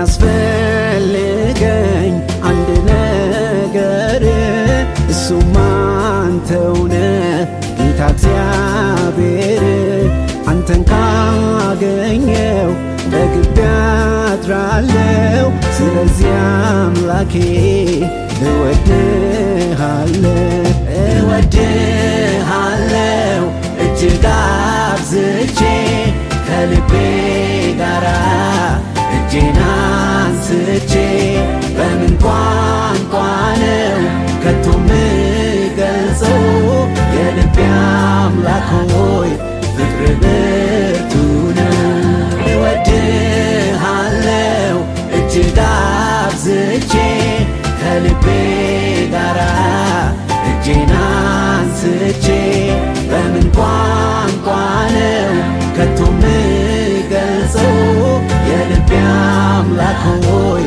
የሚያስፈልገኝ አንድ ነገር እሱም አንተውነ ጌታ እግዚአብሔር አንተን ካገኘው በግቢ አድራለው። ስለዚህ አምላኬ እወድሃለው እወድሃለው እጅግ አብዝቼ ከልቤ ፍቅር ብርቱ ነው። እወድሃለው ከልቤ ጋራ እጄን አንስቼ በምን ነው ከቶ ምገልጸው የልቤ አምላክ ሆይ